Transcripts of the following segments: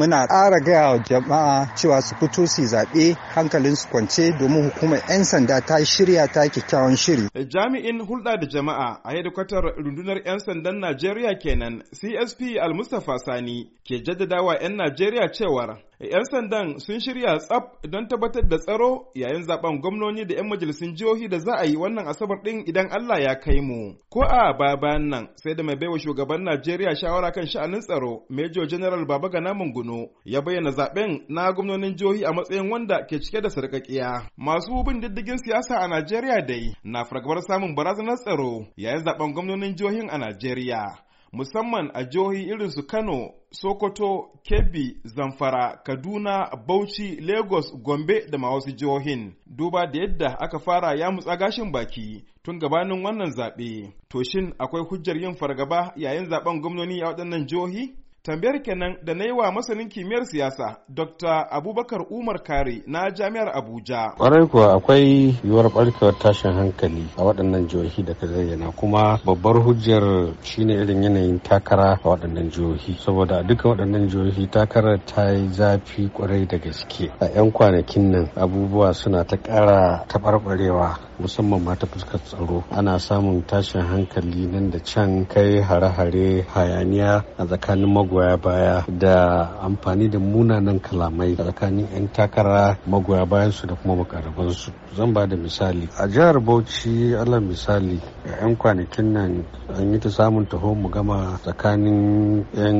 muna ƙara gaya wa jama'a cewa su fito su zaɓe hankalin su kwance domin hukumar 'yan sanda ta shirya ta kyakkyawan shiri. Eh, jami'in hulɗa da jama'a a hedikwatar rundunar 'yan sandan Najeriya kenan CSP Al-Mustapha Sani ke jaddadawa 'yan Najeriya cewar 'Yan sandan sun shirya tsaf don tabbatar da tsaro yayin zaben gwamnoni da 'yan majalisun jihohi da za a yi wannan asabar ɗin idan Allah ya kai mu. Ko a bayan nan sai da mai baiwa shugaban Najeriya shawara kan sha'anin tsaro Major General Baba Gana Munguno ya bayyana zaben na gwamnonin jihohi a matsayin wanda ke cike da sarƙaƙiya. Masu bin diddigin siyasa a Najeriya dai na fargabar samun barazanar tsaro yayin zaben gwamnonin jihohin a Najeriya. musamman a jihohi irin su Kano, Sokoto, Kebbi, Zamfara, Kaduna, Bauchi, Lagos, Gombe da ma wasu jihohin. Duba da yadda aka fara ya mutsa gashin baki tun gabanin wannan zaɓe. To shin akwai hujjar yin fargaba yayin zaɓen gwamnoni a waɗannan jihohi? Tambayar kenan da na yi wa masanin kimiyyar siyasa Dr. Abubakar Umar Kare na Jami'ar Abuja. Kwarai kuwa akwai yiwuwar barkewar tashin hankali a waɗannan jihohi da ka zayyana kuma babbar hujjar shine irin yanayin takara a waɗannan jihohi saboda a duka waɗannan jihohi takarar ta yi zafi kwarai da gaske. A 'yan kwanakin nan abubuwa suna ta ƙara taɓarɓarewa musamman ma ta fuskar tsaro ana samun tashin hankali nan da can kai hare-hare hayaniya a tsakanin magoya baya da amfani da munanan kalamai a tsakanin 'yan takara magoya bayansu da kuma makarabansu zan ba da misali a jihar bauchi alal misali a 'yan kwanakin nan an yi ta samun taho mu gama tsakanin 'yan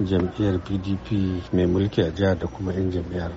jam'iyyar pdp mai mulki a jihar da kuma 'yan jam'iyyar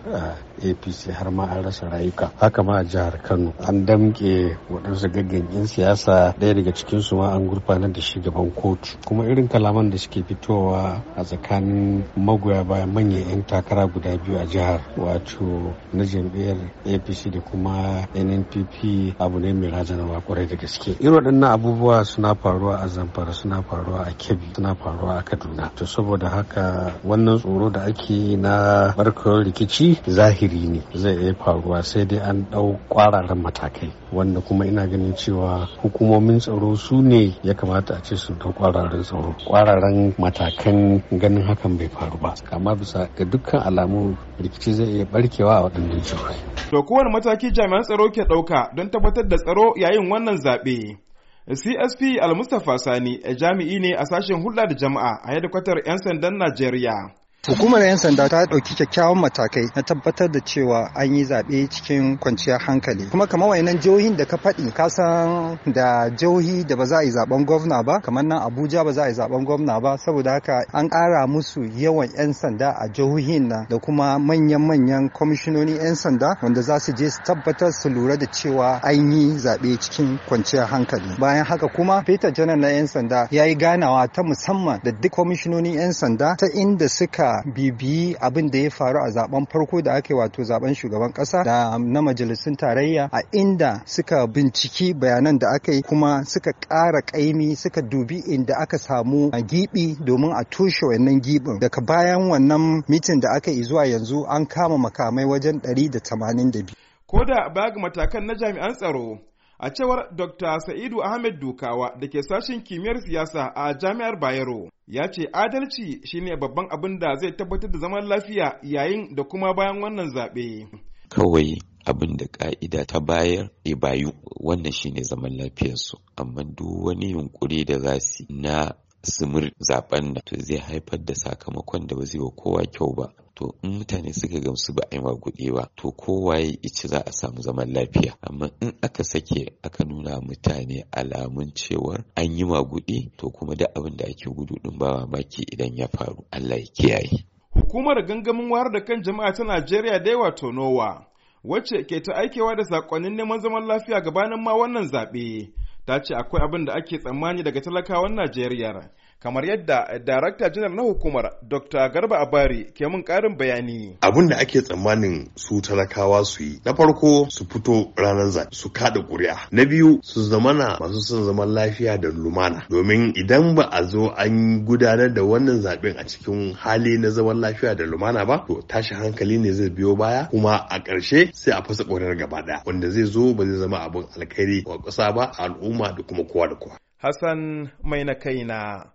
apc ah, har ma an rasa rayuka haka ma a jihar kano an damke waɗansu gaggan 'yan siyasa ɗaya daga cikinsu ma an gurfanar da shi gaban kotu kuma irin kalaman da suke fitowa a tsakanin magoya bayan manyan 'yan takara guda biyu a jihar wato na jam'iyyar apc da kuma nnpp abu ne mai wa kwarai da gaske irin waɗannan abubuwa suna faruwa a zamfara suna faruwa a kebbi suna faruwa a kaduna to saboda haka wannan tsoro da ake na barkar rikici zahiri ne zai iya faruwa sai dai an ɗau kwararan matakai wannan wanda kuma ina ganin cewa hukumomin tsaro su ne ya kamata a ce su da kwararen tsaro kwararen matakan ganin hakan bai faru ba amma bisa ga dukkan alamu rikici zai iya barkewa a waɗannan jihohi. to kowane mataki jami'an tsaro ke ɗauka don tabbatar da tsaro yayin wannan zaɓe CSP Al-Mustapha Sani jami'i ne a sashen hulɗa da jama'a a hedikwatar 'yan sandan Najeriya. Hukumar 'yan sanda ta ɗauki kyakkyawan matakai na tabbatar da cewa an yi zaɓe cikin kwanciyar hankali. Kuma kamar wayannan jihohin da ka faɗi kasan san da jihohi da ba za a yi zaben gwamna ba kamar nan Abuja ba za a yi zaben gwamna ba saboda haka an ƙara musu yawan 'yan sanda a jihohin nan da kuma manyan-manyan kwamishinoni 'yan sanda wanda za su je su tabbatar su lura da cewa an yi zaɓe cikin kwanciyar hankali. Bayan haka kuma Peter Janar na 'yan sanda ya yi ganawa ta musamman da duk kwamishinonin 'yan sanda ta inda suka bibiyi abin da ya faru a zaben farko da ake wato zaben shugaban kasa da na majalisun tarayya a inda suka binciki bayanan da aka yi kuma suka ƙara ƙaimi suka dubi inda aka samu a gibi domin a tushe wannan gibin daga bayan wannan mitin da aka yi zuwa yanzu an kama makamai wajen 182 ko da baya ga matakan na jami'an tsaro A cewar Dr. Sa'idu Ahmed Dukawa da ke sashen kimiyyar siyasa a Jami'ar Bayero, ya ce adalci shine babban abin da zai tabbatar da zaman lafiya yayin da kuma bayan wannan zaɓe. Kawai abin da ka'ida ta bayar e bayu wannan shine zaman lafiyarsu amma duk wani yunkuri da za su na sumir zaben da to zai haifar da sakamakon da ba zai wa kowa kyau ba to in mutane suka gamsu ba a yi maguɗi ba to kowaye ice za a samu zaman lafiya amma in aka sake aka nuna mutane alamun cewar an yi maguɗi to kuma da abin da ake gudu din ba mamaki idan ya faru Allah ya kiyaye. Hukumar gangamin wayar da kan jama'a ta Najeriya dai wato Nowa wacce ke ta aikewa da sakonnin neman zaman lafiya gabanin ma wannan zaɓe ta ce akwai abin da ake tsammani daga talakawan Najeriya kamar yadda darakta janar na hukumar dr garba abari ke mun karin bayani Abun da ake tsammanin su talakawa su yi na farko su fito ranar zaɓe su kada ƙuri'a na biyu su zamana masu son zaman lafiya da lumana domin idan ba a zo an gudanar da wannan zaɓen a cikin hali na zaman lafiya da lumana ba to tashi hankali ne zai biyo baya kuma a ƙarshe sai a fasa kwarar gaba ɗaya wanda zai zo ba zai zama abin alkhairi wa ƙasa ba al'umma da kuma kowa da kowa Hassan mai na kaina